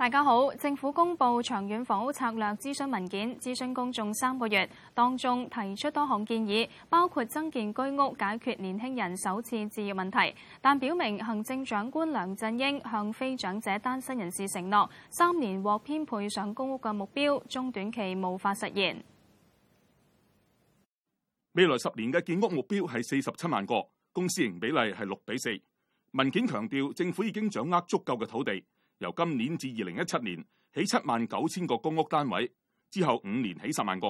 大家好，政府公布長遠房屋策略諮詢文件，諮詢公眾三個月，當中提出多項建議，包括增建居屋解決年輕人首次置業問題，但表明行政長官梁振英向非長者單身人士承諾三年獲編配上公屋嘅目標，中短期無法實現。未來十年嘅建屋目標係四十七萬個，公私營比例係六比四。文件強調政府已經掌握足夠嘅土地。由今年至二零一七年起七萬九千個公屋單位，之後五年起十萬個。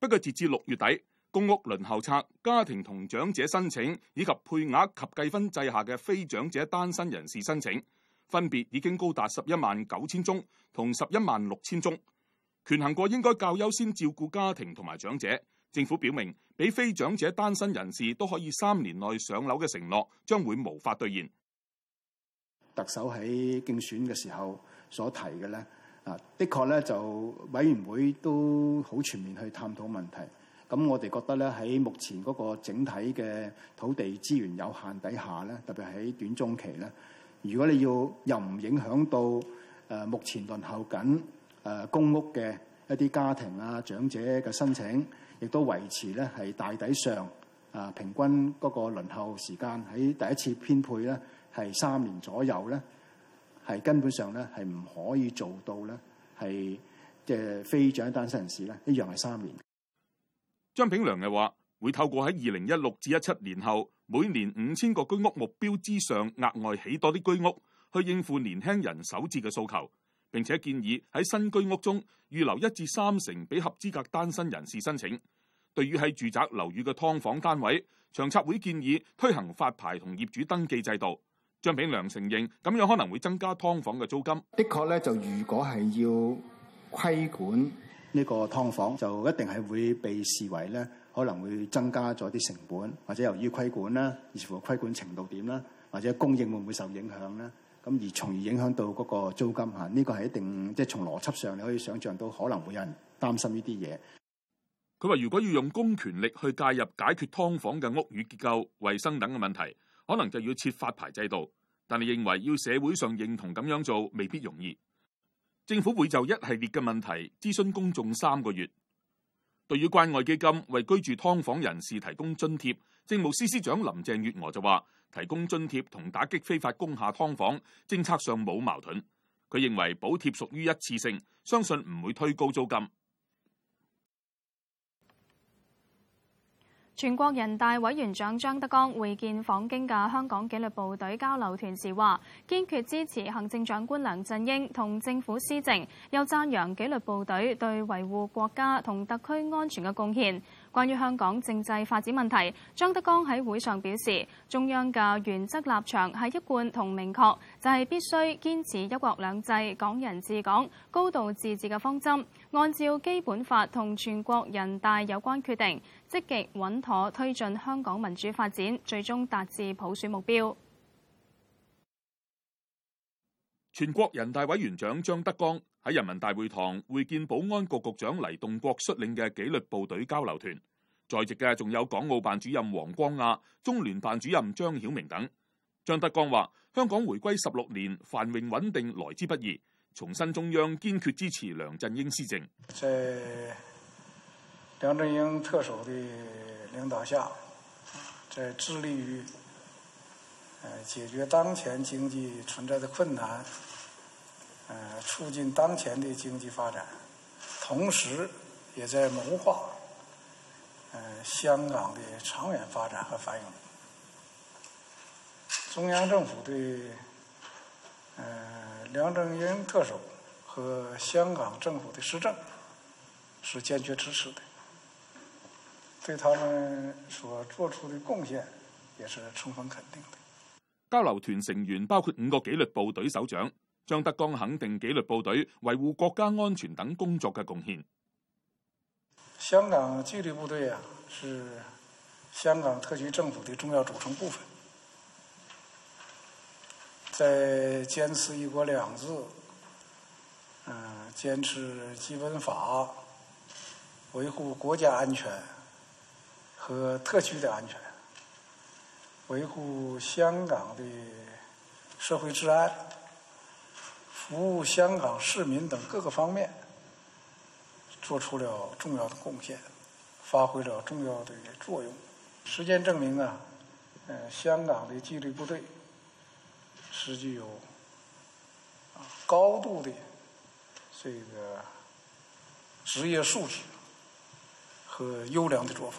不過截至六月底，公屋輪候冊、家庭同長者申請以及配額及計分制下嘅非長者單身人士申請，分別已經高達十一萬九千宗同十一萬六千宗。權衡過應該較優先照顧家庭同埋長者，政府表明俾非長者單身人士都可以三年內上樓嘅承諾，將會無法兌現。特首喺競選嘅時候所提嘅咧，啊，的確咧就委員會都好全面去探討問題，咁我哋覺得咧，喺目前嗰個整體嘅土地資源有限底下咧，特別喺短中期咧，如果你要又唔影響到誒目前輪候緊誒公屋嘅一啲家庭啊、長者嘅申請亦都維持咧係大抵上啊平均嗰個輪候時間喺第一次編配咧。係三年左右咧，係根本上咧係唔可以做到咧，即係非長單身人士咧一樣係三年。張炳良又話，會透過喺二零一六至一七年後每年五千個居屋目標之上，額外起多啲居屋，去應付年輕人首置嘅訴求。並且建議喺新居屋中預留一至三成俾合資格單身人士申請。對於喺住宅樓宇嘅劏房單位，長策會建議推行發牌同業主登記制度。張炳良承認，咁樣可能會增加劏房嘅租金。的確咧，就如果係要規管呢個劏房，就一定係會被視為咧，可能會增加咗啲成本，或者由於規管啦，而乎規管程度點啦，或者供應會唔會受影響咧？咁而從而影響到嗰個租金吓，呢個係一定即係從邏輯上你可以想象到，可能會有人擔心呢啲嘢。佢話如果要用公權力去介入解決劏房嘅屋宇結構、衛生等嘅問題。可能就要設發牌制度，但係認為要社會上認同咁樣做未必容易。政府會就一系列嘅問題諮詢公眾三個月。對於關愛基金為居住劏房人士提供津貼，政務司司長林鄭月娥就話，提供津貼同打擊非法工廈劏房政策上冇矛盾。佢認為補貼屬於一次性，相信唔會推高租金。全國人大委員長張德江會見訪京嘅香港紀律部隊交流團時話：堅決支持行政長官梁振英同政府施政，又讚揚紀律部隊對維護國家同特區安全嘅貢獻。關於香港政制發展問題，張德江喺會上表示，中央嘅原則立場係一貫同明確，就係必須堅持一國兩制、港人治港、高度自治嘅方針，按照基本法同全國人大有關決定，積極穩妥推進香港民主發展，最終達至普選目標。全國人大委員長張德江。喺人民大會堂會見保安局局長黎棟國率領嘅紀律部隊交流團，在席嘅仲有港澳辦主任黃光亞、中聯辦主任張曉明等。張德江話：香港回歸十六年，繁榮穩定來之不易，重申中央堅決支持梁振英施政。在梁振英特首的領導下，在致力於解決當前經濟存在的困難。呃，促進當前的經濟發展，同時也在謀劃呃，香港的長遠發展和繁榮。中央政府對呃，梁振英特首和香港政府的施政是堅決支持的，對他們所做出的貢獻也是充分肯定的。交流團成員包括五個紀律部隊首長。張德江肯定紀律部隊維護國家安全等工作嘅貢獻。香港紀律部隊啊，是香港特區政府嘅重要組成部分，在堅持一國兩制，嗯，堅持基本法，維護國家安全和特區的安全，維護香港的社會治安。服務香港市民等各個方面，做出了重要的貢獻，發揮着重要的作用。實踐證明啊，呃，香港的紀律部隊是具有高度的這個職業素質和優良的作風。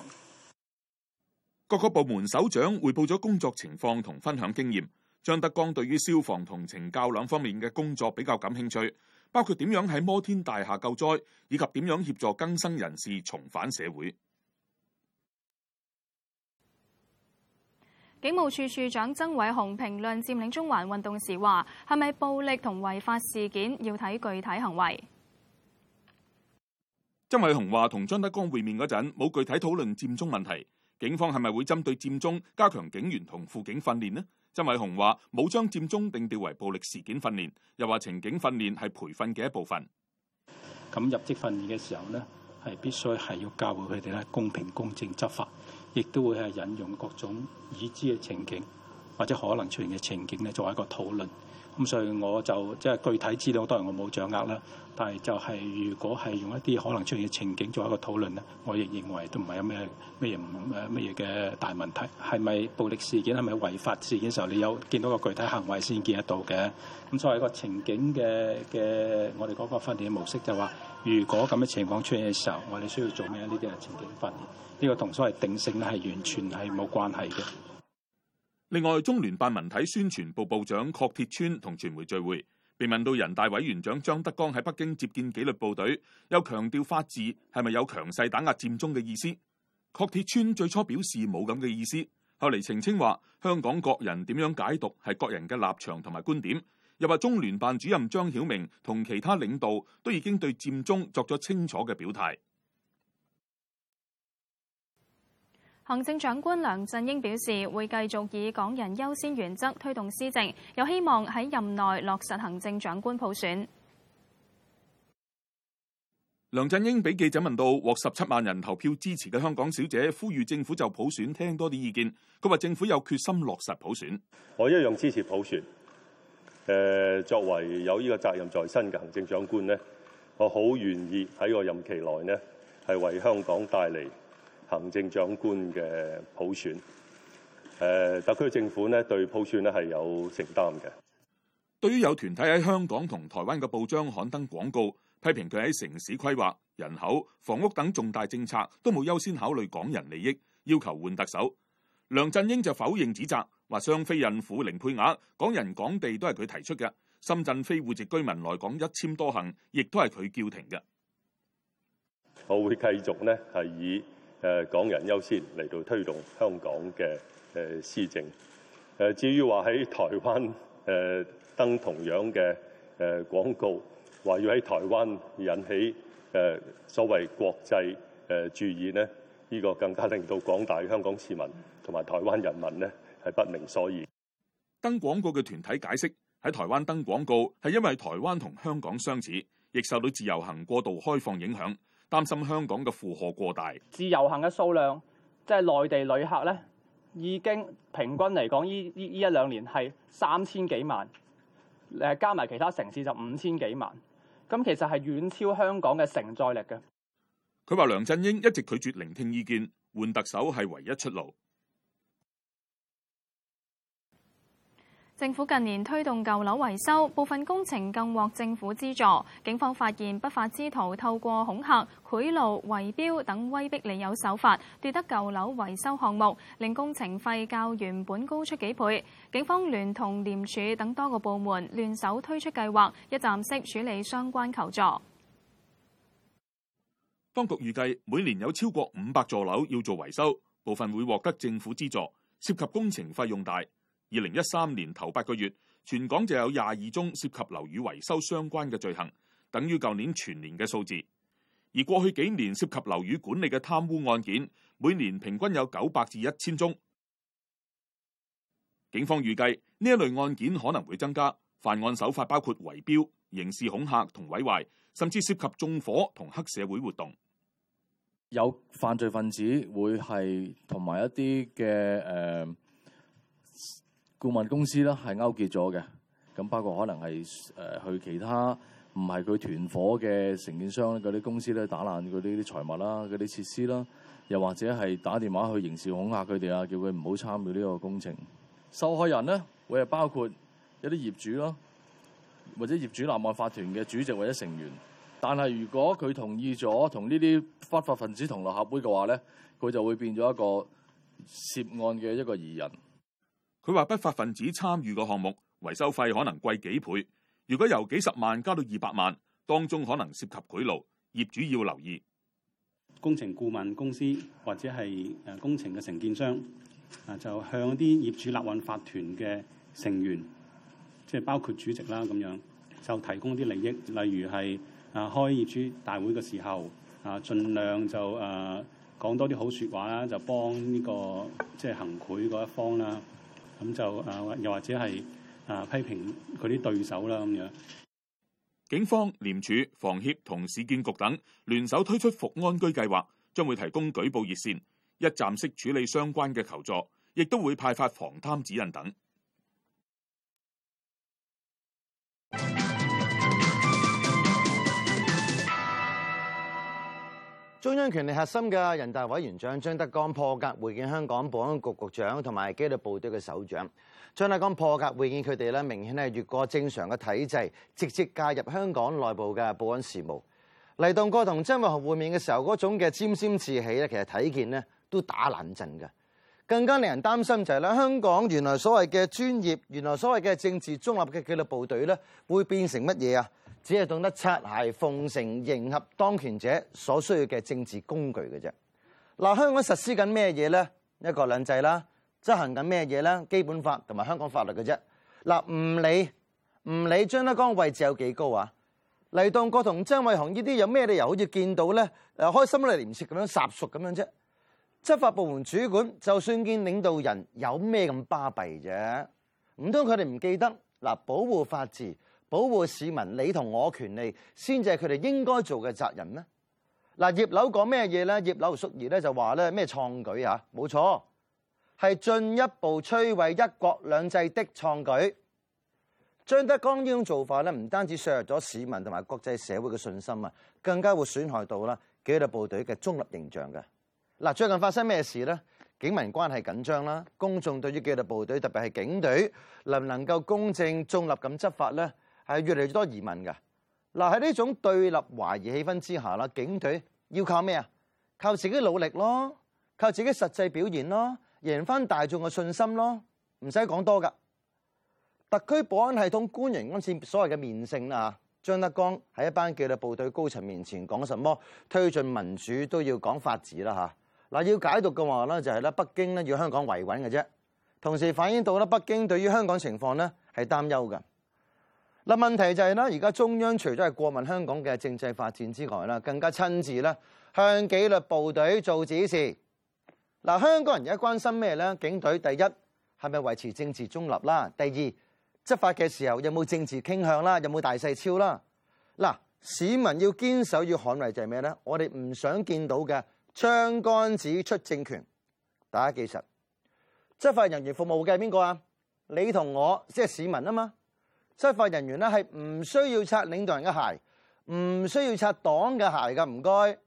各個部門首長匯報了工作情況同分享經驗。張德江對於消防同懲教兩方面嘅工作比較感興趣，包括點樣喺摩天大廈救災，以及點樣協助更生人士重返社會。警務處處長曾偉雄評論佔領中環運動時話，係咪暴力同違法事件，要睇具體行為。曾偉雄話，同張德江會面嗰陣冇具體討論佔中問題。警方係咪會針對佔中加強警員同輔警訓練呢？曾偉雄話：冇將佔中定調為暴力事件訓練，又話情景訓練係培訓嘅一部分。咁入職訓練嘅時候呢，係必須係要教會佢哋咧公平公正執法，亦都會係引用各種已知嘅情景或者可能出現嘅情景咧，作為一個討論。咁所以我就即係具體資料當然我冇掌握啦，但係就係如果係用一啲可能出現嘅情景做一個討論咧，我亦認為都唔係有咩咩嘢唔咩嘢嘅大問題，係咪暴力事件？係咪違法事件的時候？你有見到個具體行為先見得到嘅。咁所謂個情景嘅嘅我哋 𠮶 個訓練模式就話，如果咁嘅情況出現嘅時候，我哋需要做咩？呢啲係情景訓練，呢個同所謂定性咧係完全係冇關係嘅。另外，中聯辦文體宣傳部部長郝鐵川同傳媒聚會，被問到人大委員長張德江喺北京接見紀律部隊，又強調法治係咪有強勢打壓佔中嘅意思？郝鐵川最初表示冇咁嘅意思，後嚟澄清話香港各人點樣解讀係各人嘅立場同埋觀點，又話中聯辦主任張曉明同其他領導都已經對佔中作咗清楚嘅表態。行政長官梁振英表示會繼續以港人優先原則推動施政，有希望喺任內落實行政長官普選。梁振英俾記者問到獲十七萬人投票支持嘅香港小姐呼籲政府就普選聽多啲意見，佢話政府有決心落實普選，我一樣支持普選。誒、呃，作為有呢個責任在身嘅行政長官呢，我好願意喺我任期內呢係為香港帶嚟。行政長官嘅普選，誒特區政府咧對普選咧係有承擔嘅。對於有團體喺香港同台灣嘅報章刊登廣告，批評佢喺城市規劃、人口、房屋等重大政策都冇優先考慮港人利益，要求換特首。梁振英就否認指責，話雙非孕婦零配額、港人港地都係佢提出嘅。深圳非戶籍居民來港一簽多行，亦都係佢叫停嘅。我會繼續呢，係以。誒港人優先嚟到推動香港嘅誒施政。誒至於話喺台灣誒登同樣嘅誒廣告，話要喺台灣引起誒所謂國際誒注意呢，依個更加令到廣大香港市民同埋台灣人民咧係不明所以。登廣告嘅團體解釋，喺台灣登廣告係因為台灣同香港相似，亦受到自由行過度開放影響。擔心香港嘅負荷過大，自由行嘅數量即係內地旅客咧，已經平均嚟講，呢呢呢一兩年係三千幾萬，誒加埋其他城市就五千幾萬，咁其實係遠超香港嘅承載力嘅。佢話梁振英一直拒絕聆聽意見，換特首係唯一出路。政府近年推動舊樓維修，部分工程更獲政府資助。警方發現不法之徒透過恐嚇、賄賂、圍標等威逼利誘手法，奪得舊樓維修項目，令工程費較原本高出幾倍。警方聯同廉署等多個部門聯手推出計劃，一站式處理相關求助。當局預計每年有超過五百座樓要做維修，部分會獲得政府資助，涉及工程費用大。二零一三年頭八個月，全港就有廿二宗涉及樓宇維修相關嘅罪行，等於舊年全年嘅數字。而過去幾年涉及樓宇管理嘅貪污案件，每年平均有九百至一千宗。警方預計，呢一類案件可能會增加，犯案手法包括圍標、刑事恐嚇同毀壞，甚至涉及縱火同黑社會活動。有犯罪分子會係同埋一啲嘅誒。呃顧問公司啦，係勾結咗嘅，咁包括可能係誒、呃、去其他唔係佢團伙嘅承建商嗰啲公司咧，打爛佢啲啲財物啦、嗰啲設施啦，又或者係打電話去刑事恐嚇佢哋啊，叫佢唔好參與呢個工程。受害人咧，會係包括一啲業主咯，或者業主立案法團嘅主席或者成員，但係如果佢同意咗同呢啲不法分子同流合會嘅話咧，佢就會變咗一個涉案嘅一個疑人。佢話不法分子參與個項目維修費可能貴幾倍，如果由幾十萬加到二百萬，當中可能涉及賄賂，業主要留意工程顧問公司或者係誒工程嘅承建商啊，就向啲業主立案法團嘅成員，即係包括主席啦咁樣，就提供啲利益，例如係啊開業主大會嘅時候啊，盡量就誒、啊、講多啲好説話啦，就幫呢、這個即係、就是、行賄嗰一方啦。咁就啊，又或者係啊批評佢啲對手啦，咁樣。警方、廉署、房協同市建局等聯手推出復安居計劃，將會提供舉報熱線、一站式處理相關嘅求助，亦都會派發防貪指引等。中央權力核心嘅人大委員長張德江破格會見香港保安局局長同埋紀律部隊嘅首長，張德江破格會見佢哋咧，明顯係越過正常嘅體制，直接介入香港內部嘅保安事務。黎棟國同曾偉雄會面嘅時候，嗰種嘅沾沾自喜，咧，其實睇見咧都打冷震嘅。更加令人擔心就係咧，香港原來所謂嘅專業，原來所謂嘅政治中立嘅紀律部隊咧，會變成乜嘢啊？只係懂得擦鞋奉承迎合當權者所需要嘅政治工具嘅啫。嗱，香港實施緊咩嘢咧？一國兩制啦，執行緊咩嘢咧？基本法同埋香港法律嘅啫。嗱，唔理唔理張德江位置有幾高啊？黎棟國同曾偉雄呢啲有咩理由好似見到咧誒開心嚟連唔切咁樣殺熟咁樣啫？執法部門主管就算見領導人有咩咁巴閉啫，唔通佢哋唔記得嗱保護法治？保護市民你同我權利，先至係佢哋應該做嘅責任咧。嗱，葉劉講咩嘢咧？葉劉淑儀咧就話咧咩創舉啊？冇錯，係進一步摧毀一國兩制的創舉。張德江呢種做法咧，唔單止削弱咗市民同埋國際社會嘅信心啊，更加會損害到啦紀律部隊嘅中立形象嘅。嗱，最近發生咩事呢？警民關係緊張啦，公眾對於紀律部隊，特別係警隊，能唔能夠公正中立咁執法呢？係越嚟越多移民㗎，嗱，喺呢種對立懷疑氣氛之下啦，警隊要靠咩啊？靠自己努力咯，靠自己實際表現咯，贏翻大眾嘅信心咯，唔使講多噶。特區保安系統官員嗰次所謂嘅面聖啦，張德江喺一班紀律部隊高層面前講什麼？推進民主都要講法治啦，嚇嗱要解讀嘅話咧，就係咧北京咧要香港維穩嘅啫，同時反映到咧北京對於香港情況咧係擔憂嘅。嗱，問題就係咧，而家中央除咗係過問香港嘅政制發展之外啦，更加親自咧向紀律部隊做指示。嗱，香港人而家關心咩咧？警隊第一係咪維持政治中立啦？第二執法嘅時候有冇政治傾向啦？有冇大細超啦？嗱，市民要堅守要捍衞就係咩呢？我哋唔想見到嘅槍桿子出政權。大家記實，執法人員服務嘅係邊個啊？你同我即係市民啊嘛。執法人員呢，係唔需要擦領導人嘅鞋，唔需要擦黨嘅鞋嘅，唔該。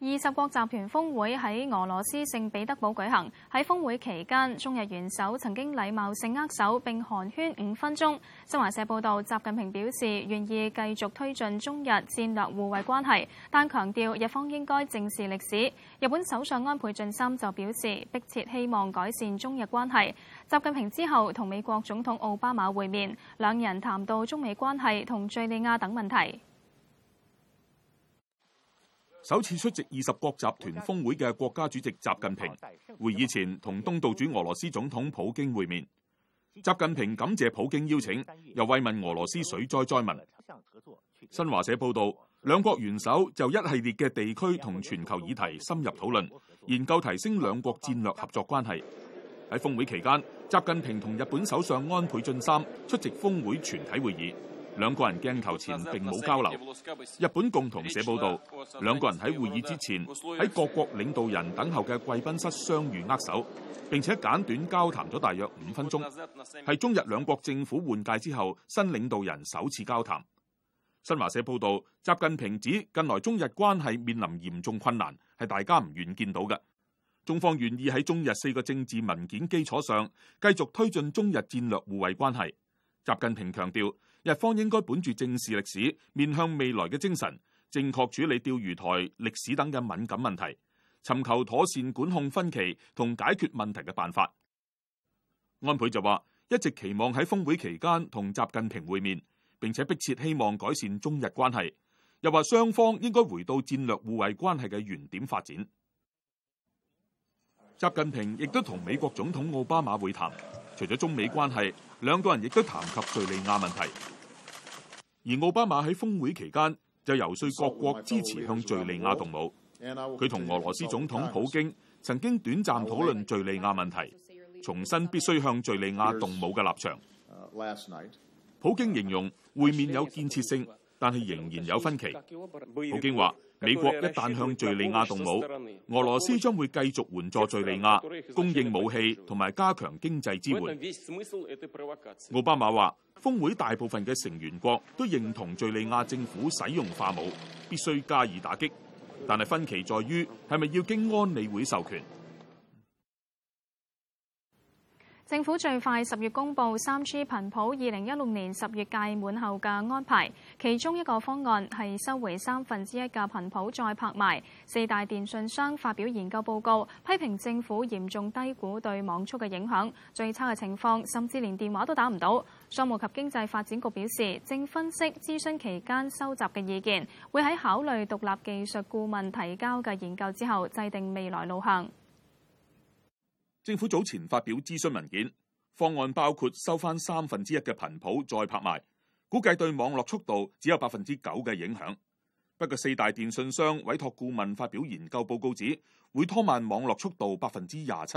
二十國集團峰會喺俄羅斯聖彼得堡舉行。喺峰會期間，中日元首曾經禮貌性握手並寒暄五分鐘。新華社報導，習近平表示願意繼續推進中日戰略互惠關係，但強調日方應該正視歷史。日本首相安倍晉三就表示，迫切希望改善中日關係。習近平之後同美國總統奧巴馬會面，兩人談到中美關係同敍利亞等問題。首次出席二十國集團峰會嘅國家主席習近平，會議前，同東道主俄羅斯總統普京會面。習近平感謝普京邀請，又慰問俄羅斯水災災民。新華社報導，兩國元首就一系列嘅地區同全球議題深入討論，研究提升兩國戰略合作關係。喺峰會期間，習近平同日本首相安倍晉三出席峰會全體會議。兩個人鏡頭前並冇交流。日本共同社報道，兩個人喺會議之前喺各國領導人等候嘅貴賓室相遇握手，並且簡短交談咗大約五分鐘。係中日兩國政府換屆之後，新領導人首次交談。新華社報道，習近平指近來中日關係面臨嚴重困難，係大家唔願見到嘅。中方願意喺中日四個政治文件基礎上繼續推進中日戰略互惠關係。習近平強調。日方應該本住正視歷史、面向未來嘅精神，正確處理釣魚台、歷史等嘅敏感問題，尋求妥善管控分歧同解決問題嘅辦法。安倍就話一直期望喺峰會期間同習近平會面，並且迫切希望改善中日關係。又話雙方應該回到戰略互惠關係嘅原點發展。習近平亦都同美國總統奧巴馬會談，除咗中美關係，兩個人亦都談及敘利亞問題。而奧巴馬喺峰會期間就遊說各國支持向敍利亞動武。佢同俄羅斯總統普京曾經短暫討論敍利亞問題，重申必須向敍利亞動武嘅立場。普京形容會面有建設性，但係仍然有分歧。普京話：美國一旦向敍利亞動武，俄羅斯將會繼續援助敍利亞，供應武器同埋加強經濟支援。奧巴馬話，峰會大部分嘅成員國都認同敍利亞政府使用化武，必須加以打擊。但係分歧在於係咪要經安理會授權。政府最快十月公布三 G 頻譜二零一六年十月屆滿後嘅安排，其中一個方案係收回三分之一嘅頻譜再拍賣。四大電信商發表研究報告，批評政府嚴重低估對網速嘅影響，最差嘅情況甚至連電話都打唔到。商務及經濟發展局表示，正分析諮詢期間收集嘅意見，會喺考慮獨立技術顧問提交嘅研究之後制定未來路向。政府早前發表諮詢文件，方案包括收翻三分之一嘅頻譜再拍賣，估計對網絡速度只有百分之九嘅影響。不過四大電訊商委託顧問發表研究報告指，會拖慢網絡速度百分之廿七。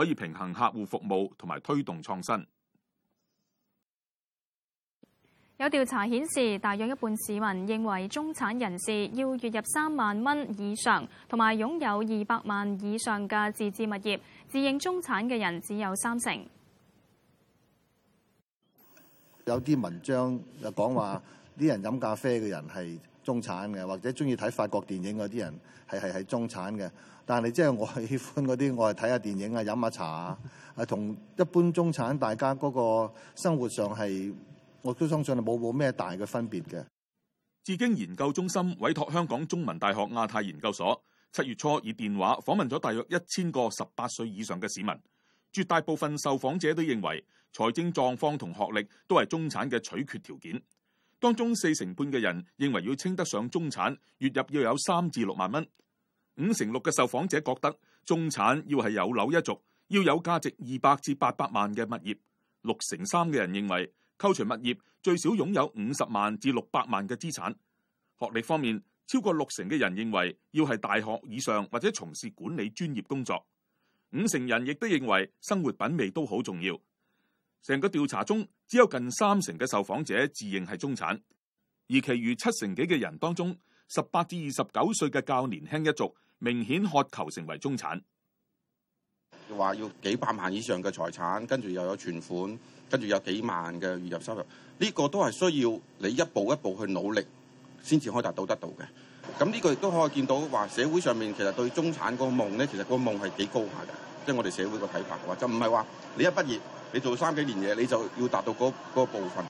可以平衡客戶服務同埋推動創新。有調查顯示，大約一半市民認為中產人士要月入三萬蚊以上，同埋擁有二百萬以上嘅自置物業，自認中產嘅人只有三成。有啲文章又講話，啲人飲咖啡嘅人係中產嘅，或者中意睇法國電影嗰啲人，係係係中產嘅。但係即係我係喜歡嗰啲，我係睇下電影啊，飲下茶啊，係同一般中產大家嗰個生活上係，我都相信係冇冇咩大嘅分別嘅。智經研究中心委託香港中文大學亞太研究所，七月初以電話訪問咗大約一千個十八歲以上嘅市民，絕大部分受訪者都認為財政狀況同學歷都係中產嘅取決條件。當中四成半嘅人認為要稱得上中產，月入要有三至六萬蚊；五成六嘅受訪者覺得中產要係有樓一族，要有價值二百至八百萬嘅物業；六成三嘅人認為扣除物業最少擁有五十萬至六百萬嘅資產。學歷方面，超過六成嘅人認為要係大學以上或者從事管理專業工作。五成人亦都認為生活品味都好重要。成個調查中，只有近三成嘅受訪者自認係中產，而其餘七成幾嘅人當中，十八至二十九歲嘅較年輕一族，明顯渴求成為中產。話要,要幾百萬以上嘅財產，跟住又有存款，跟住有幾萬嘅月入收入，呢、這個都係需要你一步一步去努力，先至可以達到得到嘅。咁呢個亦都可以見到，話社會上面其實對中產個夢呢，其實個夢係幾高下嘅，即、就、係、是、我哋社會個睇法嘅話，就唔係話你一畢業。你做三幾年嘢，你就要達到嗰部分。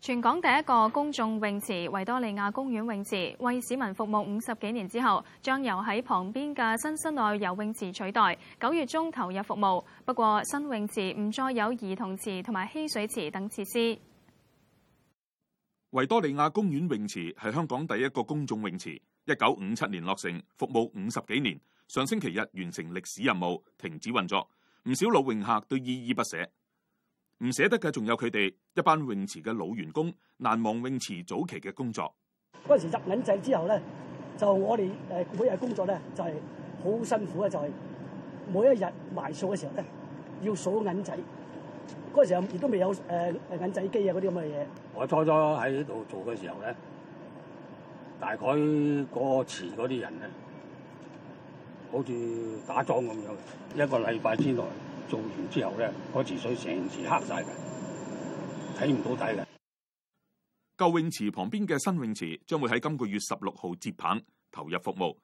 全港第一個公眾泳池維多利亞公園泳池為市民服務五十幾年之後，將由喺旁邊嘅新室內游泳池取代，九月中投入服務。不過，新泳池唔再有兒童池同埋嬉水池等設施。維多利亞公園泳池係香港第一個公眾泳池，一九五七年落成，服務五十幾年。上星期日完成歷史任務，停止運作。唔少老泳客都依依不捨，唔捨得嘅仲有佢哋一班泳池嘅老員工，難忘泳池早期嘅工作。嗰陣時入銀仔之後咧，就我哋誒每日工作咧就係好辛苦啊！就係每一日埋數嘅時候咧，要數銀仔。嗰時候亦都未有誒誒銀仔機啊，嗰啲咁嘅嘢。我初初喺呢度做嘅時候咧，大概嗰池嗰啲人咧。好似打樁咁樣，一個禮拜之內做完之後咧，個池水成池黑晒嘅，睇唔到底嘅。舊泳池旁邊嘅新泳池將會喺今個月十六號接棒投入服務。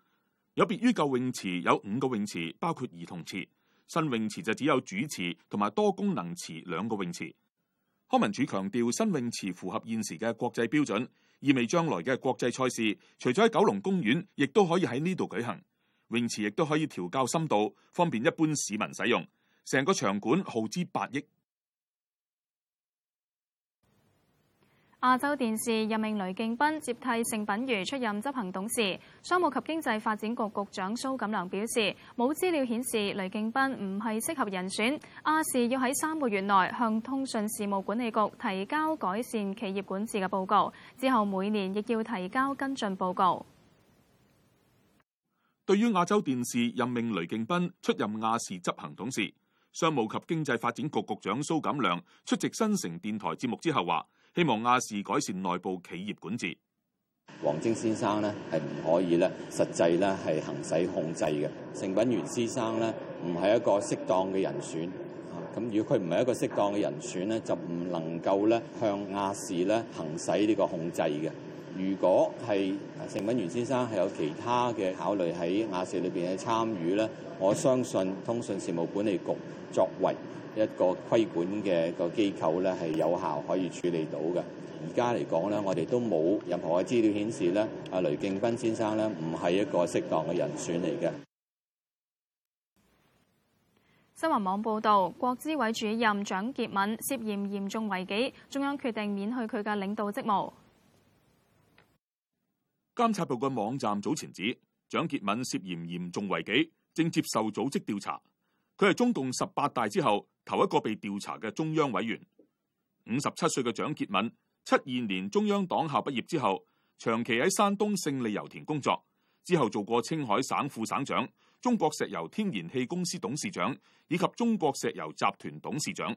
有別於舊泳池有五個泳池，包括兒童池，新泳池就只有主池同埋多功能池兩個泳池。康文署強調，新泳池符合現時嘅國際標準，意味將來嘅國際賽事，除咗喺九龍公園，亦都可以喺呢度舉行。泳池亦都可以調校深度，方便一般市民使用。成個場館耗資八億。亞洲電視任命雷競斌接替盛品儒出任執行董事。商務及經濟發展局局長蘇錦樑表示，冇資料顯示雷競斌唔係適合人選，亞視要喺三個月內向通訊事務管理局提交改善企業管治嘅報告，之後每年亦要提交跟進報告。對於亞洲電視任命雷競斌出任亞視執行董事，商務及經濟發展局局長蘇錦樑出席新城電台節目之後話，希望亞視改善內部企業管治。王征先生咧係唔可以咧實際咧係行使控制嘅，盛品儒先生咧唔係一個適當嘅人選，咁如果佢唔係一個適當嘅人選咧，就唔能夠咧向亞視咧行使呢個控制嘅。如果係盛品儒先生係有其他嘅考慮喺亞視裏邊嘅參與咧，我相信通訊事務管理局作為一個規管嘅個機構咧，係有效可以處理到嘅。而家嚟講咧，我哋都冇任何嘅資料顯示咧，阿雷競斌先生咧唔係一個適當嘅人選嚟嘅。新華網報道，國資委主任蔣潔敏涉嫌嚴重違紀，中央決定免去佢嘅領導職務。監察部嘅網站早前指，蔣潔敏涉嫌嚴重違紀，正接受組織調查。佢係中共十八大之後頭一個被調查嘅中央委員。五十七歲嘅蔣潔敏，七二年中央黨校畢業之後，長期喺山東勝利油田工作，之後做過青海省副省長、中國石油天然氣公司董事長以及中國石油集團董事長。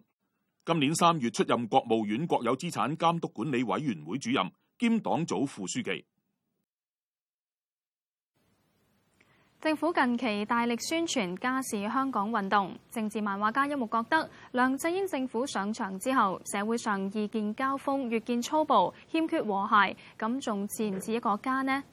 今年三月出任國務院國有資產監督管理委員會主任兼黨組副書記。政府近期大力宣傳家是香港運動，政治漫畫家一目覺得梁振英政府上場之後，社會上意見交鋒越見粗暴，欠缺和諧，咁仲似唔似一個家呢？